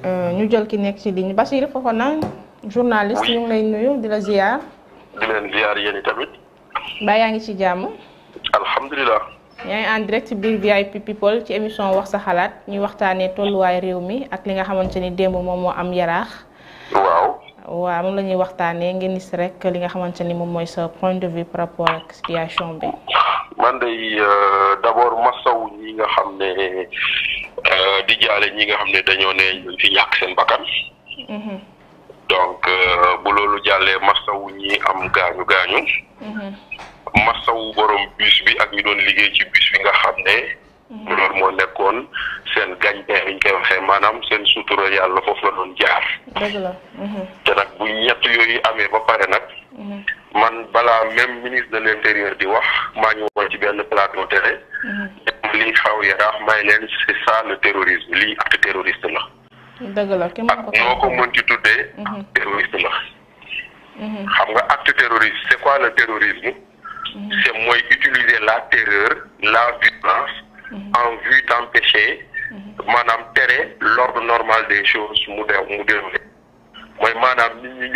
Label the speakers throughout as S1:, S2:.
S1: Eh, ñu jël ki nekk ci ligne Bassir Fofana journaliste ñu lay nuyu di la ziar
S2: di len ziar yéen tamit
S1: ba yaa ngi ci jamm
S2: alhamdullilah
S1: yaa ngi en direct biir VIP people ci émission wax sa ñu waxtane tollu way rew mi ak li nga xamanteni demb mom mo am yarax waaw wa mom lañuy waxtane ngeen nis rek li nga xamanteni mom moy sa point de vue par rapport ak situation bi
S2: man day euh, d'abord abord ñi nga xamne Euh, di jaale ñi nga xam ne dañoo ne ñu fi ñàkk seen bakkan. Mm-hmm. donc euh, bu loolu jàllee masawu ñi am gaañu gaañu. Mm-hmm. masawu borom bus bi ak ñu doon liggéey ci bus bi nga xam ne. Mm-hmm. loolu moo nekkoon seen gañ-gañ liñ koy waxee maanaam seen sutura yàlla foofu la doon jaar. te nag bu ñett yooyu amee ba pare nag. man balaa même ministre de l' intérieur di wax maa ngi woon ci benn plateau télé. c'est ça le terrorisme l'acte terroriste là.
S1: dëgg la ki ak noo ko ci mhm. terroriste la. Mhm.
S2: xam nga acte terroriste c'est quoi le terrorisme. Mhm. c'est moi utiliser la terreur la violence. en vue d'empêcher. madame Terre, l'ordre normal des choses mu de mu déroulé mooy nit ñi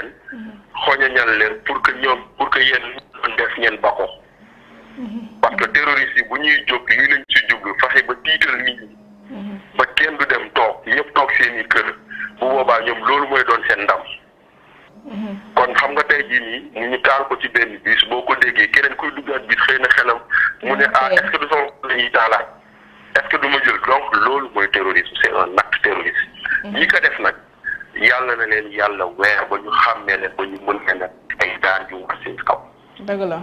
S2: leen. leen pour que nous pour que yéen def parce que terroristes yi bu ñuy jóg lii lañ ci jublu fexe ba tiital nit ñi ba kenn du dem toog ñëpp toog seen i kër bu boobaa ñoom loolu mooy doon seen ndam kon xam nga tey jii nii mu ñu taal ko ci benn bis boo ko déggee keneen kuy duggaat bis xëy na xelam mu ne ah est-ce que du sama la ñuy taalaat ah? est-ce que du ma jël donc loolu mooy terrorisme c'est un acte terroriste ñi ko def nag yàlla na leen yàlla weer ba ñu xàmmee leen ba ñu mën leen ay daan yu war seen kaw
S1: dëgg la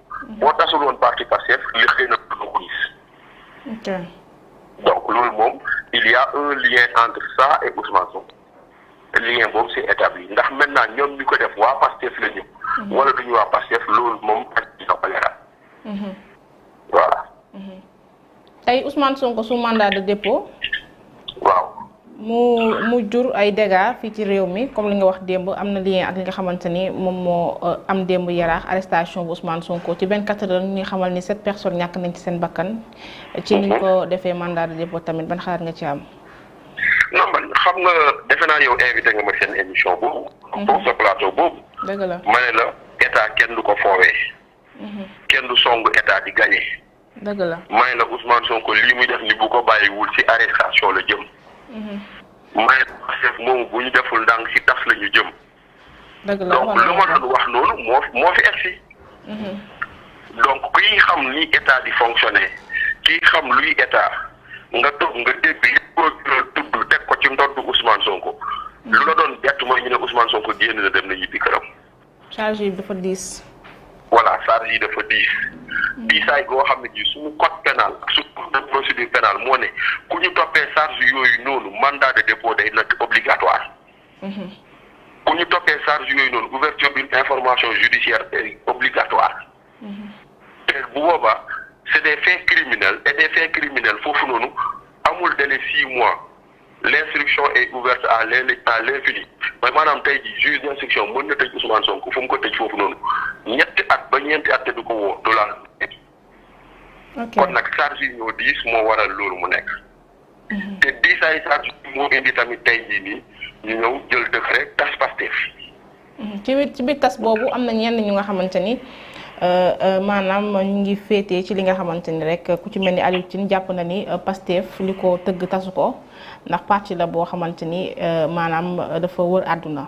S1: boo
S2: t'as seulement parti Pastef li xëy na du police donc loolu moom il y a un lien entre ça et Ousmane Sonko. lien bon c'est établi ndax maintenant ñoom ñu ko def waa Pastef la ñu. Mhm. wala duñu waa Pastef loolu moom ak ci ko leeral. Mhm. voilà.
S1: Mhm. Et Ousmane Sonko sous mandat de dépôt. mu mu jur ay dégâts fii ci réew mi comme li nga wax démb am na lien ak li nga xamante ni moom moo euh, am démb yaraax arrestation bu Ousmane Sonko ci 24 heures ñu xamal ni sept personnes ñàkk nañ ci seen bakkan. ci ni ko defee mandat de dépôt tamit ban xalaat nga ci am.
S2: non xam nga defe naa yow invité nga ma seen émission boobu. pour mhm. sa plateau boobu. dëgg la ma ne la état kenn du ko foowee. Mhm. kenn du song état di gagné. dëgg la ma ne la Ousmane Sonko lii muy def ni bu maye moom moomu bu ñu deful ndànk si tas la ñu jëm.
S1: dëgg la donc lu ma wax
S2: noonu moo moo fi egsi. Mhm. donc kuy xam ni état di fonctionner kiy xam luy état nga toog nga dégg yëpp koo tudd teg ko ci ndodd Ousmane Sonko. Mhm. lu la doon bett mooy ñu ne Ousmane Sonko génn na dem na ñibbi këram.
S1: charge yi dafa diis.
S2: voilà charge yi dafa diis. Di sa yi gwa hame di soumou kwa penal Soumou kwa prosedi penal mwone Kouni tope sarj yoy nou nou Mandat de depo mm-hmm. mm-hmm. de yon ete obligatoar Kouni tope sarj yoy nou nou Ouvertion bil informasyon judisyar Ete obligatoar
S3: Kou
S2: woba Se de fey kriminele E de fey kriminele fowfounou nou Amoul dele si mwa L'instruction ete ouverti alen ete alen finit Mwen man amte yi di juj de instruction Mwen nete yi kousman son koufoun kote yi fowfounou nou ñetti at ba ñeenti at te du ko woo du laal. kon nag charge yi ñoo diis moo waral loolu mu nekk. Mhm. te diisaay charge yi ñu ñëw jël décret tas Pastef.
S1: Mhm. ci biir ci biir tas boobu am na ñenn ñu nga xamante ni euh, euh, maanaam ñu ngi féete ci li nga xamante ni rek ku ci mel ni Aliou jàpp na ni euh, Pastef li ko tëgg tasu ko ndax parti la boo xamante ni maanaam dafa wër àdduna.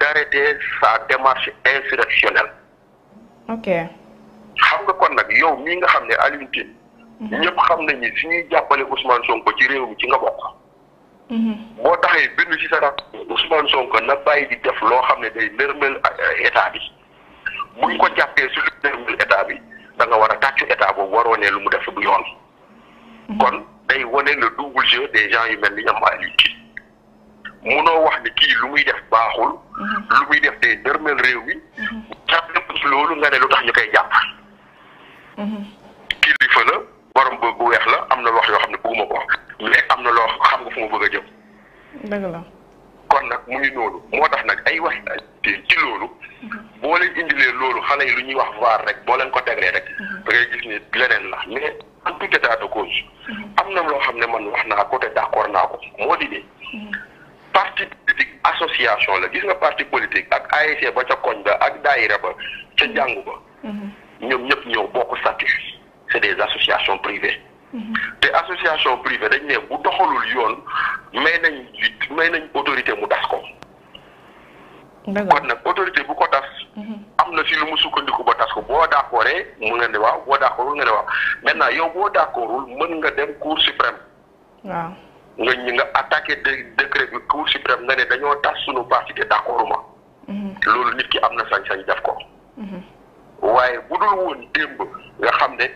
S2: d'arrêter sa démarche insurrectionnelle. ok xam nga kon nag yow mii nga xam ne Alioune Tine. Mhm. ñëpp xam nañ ni fi ñuy jàppale Ousmane Sonko ci réew mi ci nga bokk. Mhm. boo taxee bind ci sa rafet Ousmane Sonko na bàyyi di def loo xam ne day nërmel état bi buñ ko jàppee su lu nërmel état bi da nga war a tàccu état boobu waroo ne lu mu def bu yoon. Mhm. kon day wane le double jeu de gens yu mel ni ñoom Alioune munoo wax ni kii lu muy def baaxul. Mhm. lu muy def day dërmel réew mi. jàpp mhm. loolu nga ne lu tax ñu koy jàpp. Mhm. kilifa la borom bu weex la am na wax yoo xam ne bëgguma ko wax mais am na loo xam nga fu ma bëgg
S3: jëm.
S2: kon nag mu ngi noonu moo tax nag ay wax ci loolu. boo indilee loolu xale yi lu ñuy wax vaar rek boo leen ko teglee rek. da gis ni leneen la mais en tout état de am na loo xam ne man wax naa ko te d'accord naa ko moo di ne. parti politique association la gis nga parti politique ak ASC ba ca koñ ba ak daayira ba ca mhm. jàngu ba mhm. ñoom ñëpp ñëw bokk statut c'est des associations privées mhm. te association privée dañ ne bu doxalul yoon may nañ may nañ autorité mu das ko kon nag autorité bu ko tas am na si lu mu sukkandiku ba tas ko boo d'accordee mu nga ne waaw boo d'accordul nga ne waaw maintenant yow boo d'accordul mën nga dem cour suprême waaw nga nga attaqué décret bi cour suprême nga ne dañoo tas sunu parti te d'accord ma
S3: mhm. loolu
S2: nit ki am na sañ-sañ def ko mhm. waaye bu dul woon démb nga xam ne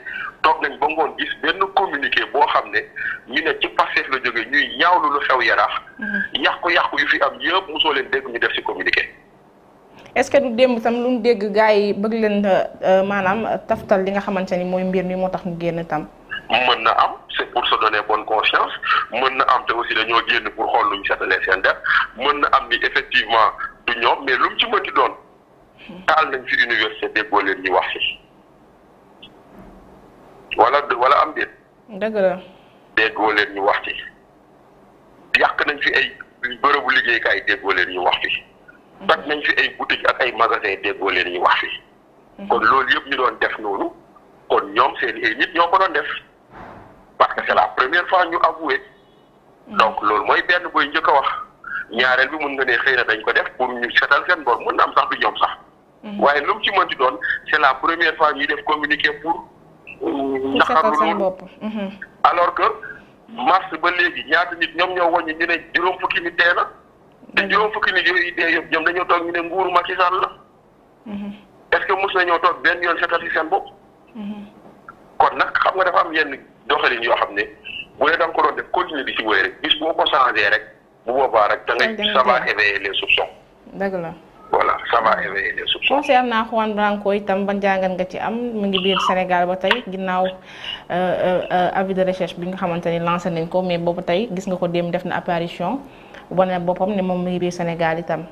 S2: toog nañ ba ngoon gis benn communiqué boo xam ne ñu ne ci passef la jóge ñuy ñaawlu lu xew yaraax mhm. yàqu-yàqu yu fi am yëpp mosoo leen dégg ñu def si communiqué
S1: est ce que du démb tam lu dégg gars yi bëgg leen euh, maanaam taftal li nga xamante ni mooy mbir mi moo tax ñu génn tam
S2: mën na am c'est pour se mën na am te aussi dañoo génn pour xool lu ñu setalee seen def mën na am ni effectivement du ñoom mais lu mu ci mënti doon taal nañ fi université déggoo leen ñu wax fi wala wala am déet. dëgg déggoo leen ñu wax ci yàq nañ fi ay bërëbu liggéeykaay déggoo leen ñu wax fi toj nañ fi ay boutique ak ay magasin déggoo leen ñu wax fi kon loolu yëpp ñu doon def noonu kon ñoom seen ay nit ñoo ko doon def parce que c'est la première fois ñu avoué donc loolu mooy benn boy njëkk a wax ñaareel bi mun nga ne xëy na dañ ko def pour ñu setal seen bor mun na am sax du ñoom sax. Mhm. waaye lu mu ci mënti doon c' est la première fois ñuy def communiqué pour. naqarlu loolu mhm. alors que ba léegi ñaata nit ñoom ñoo wàññi ñu ne juróom fukki nit dee na. te juróom fukki nit yooyu yëpp ñoom dañoo toog ñu ne nguuru Macky la. Mhm. est ce que mos nañoo toog benn yoon setal si seen bopp. nag xam nga dafa am yenn doxelin yoo xam ne. dëgg la. voilà ça va éveiller
S1: jàngat nga ci am mu ngi biir Sénégal ba tey ginnaaw euh, euh, euh, avis de recherche bi nga xamante ni lancé nañ ko mais boobu tey gis nga ko démb def na apparition wane boppam ne moom mu ngi biir Sénégal itam.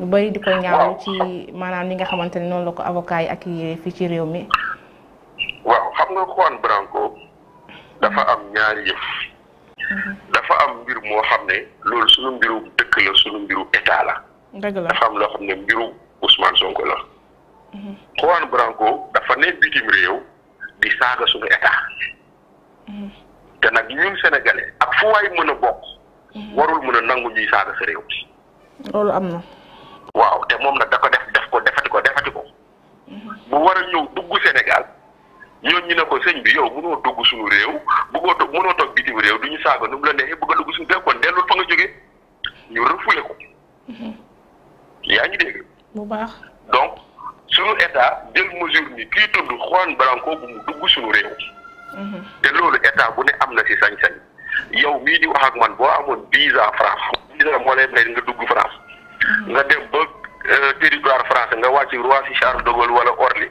S1: lu di ko ñaaw ci maanaam li nga xamante ne noonu la ko avocat yi ak yi fii ci réew mi. waaw xam nga
S2: Juan Branco dafa am ñaari yëf. dafa am mbir moo xam ne loolu suñu mbiru dëkk la suñu mbiru état la. dafa am loo xam ne mbiru Ousmane Sonko la. Juan Branco dafa ne bitim réew di saaga suñu état. Mm-hmm. te nag ñun sénégalais ak fu waay mën a bokk. Mm-hmm. warul mën a nangu ñuy saaga sa réew. loolu am na. waaw te moom nag da ko def def ko defati ko defati ko. bu mm-hmm. war a ñëw dugg Sénégal. ñooñu ñu ne ko sëñ bi yow mënoo dugg suñu réew bëggoo toog mënoo toog bitim réew du ñu saaga nu mu la neexee bëgg a dugg suñu réew kon dellul fa ñu refoulé ko. Mhm. yaa ngi dégg.
S3: donc
S2: suñu état jël mesure ni kii tudd Juan Branco dugg suñu réew. Mhm. te loolu état bu ne am na si sañ yow mii di wax ak man boo amoon visa France visa moo lay nga dugg France. Mhm. nga dem ba euh, territoire français nga wàcc Roissy Charles de Gaulle wala Orly.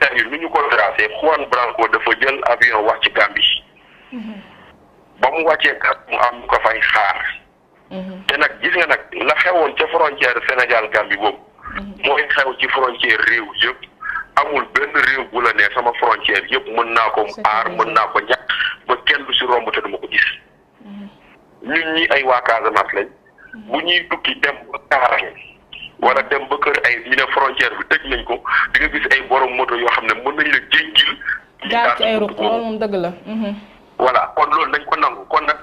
S2: militaire yi lu ñu ko tracé Juan Branco dafa jël avion wàcc ci Gambie. Mhm. ba mu wàccee kàddu mu am ko fay xaar. Mhm. te nag gis nga nag la xewoon ca frontière Sénégal Gambie boobu. Mhm. mooy xew ci frontière réew yëpp. amul benn réew bu la ne sama frontière yëpp mën naa ko aar mën naa ko ñàkk ba kenn du si romb te duma ko gis. ñun ñi ay waa Casamance lañ. bu ñuy tukki dem ba Kaarang. wala dem ba kër ay ñu frontière bi tëj nañ ko di gis ay borom moto yoo xam ne mën nañ la jéggil.
S1: jaar ci ay ruq loolu moom dëgg la. Mhm.
S2: voilà kon loolu dañ ko nangu kon nag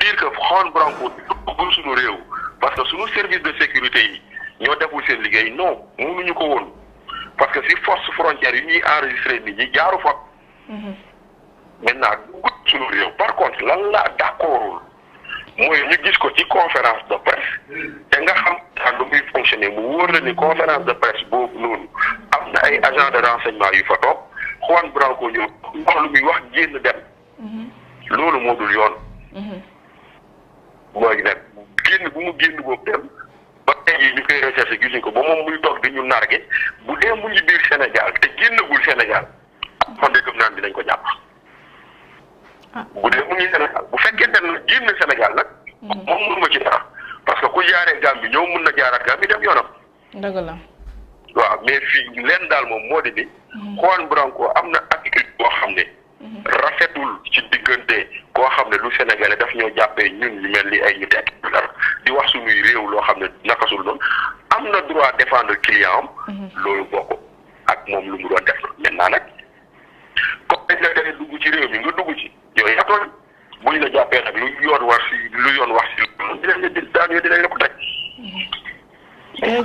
S2: dire que xawoon Branco duggul suñu réew parce que suñu service de sécurité yi ñoo deful seen liggéey non ñu ko woon parce que si force frontière yi ñuy enregistré nit ñi jaaru fa. Mhm. maintenant duggul suñu réew par contre lan laa d'accordul mooy ñu gis ko ci conférence de presse Dakar lu muy fonctionner mu wóor la ni conférence de presse boobu noonu am na ay agent de renseignement yu fa toog Juan Branco ñëw wax lu muy wax génn dem
S3: mm-hmm.
S2: loolu moo dul yoon mm-hmm. mooy génn bu mu génn boobu dem ba tey yi ñu koy recherché ko ba moom muy toog di ñu narge bu dee mu ngi biir Sénégal te génnagul Sénégal man de gëm naan dinañ ko jàpp ah. bu dee mu ngi Sénégal bu fekkente ne génn Sénégal nag
S1: mm-hmm. moom mënuma
S2: ci dara parce que ku jaaree Gambie ñëw mun na jaaraat Gambie dem yoonam. dëgg la. waaw mais fii leen daal moom moo di ni. Mhm. Juan Branco am na attitude boo xam ne. Mhm. rafetul ci diggante koo xam ne lu Sénégalais daf ñoo jàppee ñun ñu mel ni ay ñu tekki di wax suñuy réew loo xam ne nakasul noonu am na droit défendre client mhm. loolu bokk ak moom lu mu doon def maintenant nag. comme dañ la dugg ci réew mi nga dugg ci yooyu atoon buñ la jàppee nag lu yoon war lu yoon wax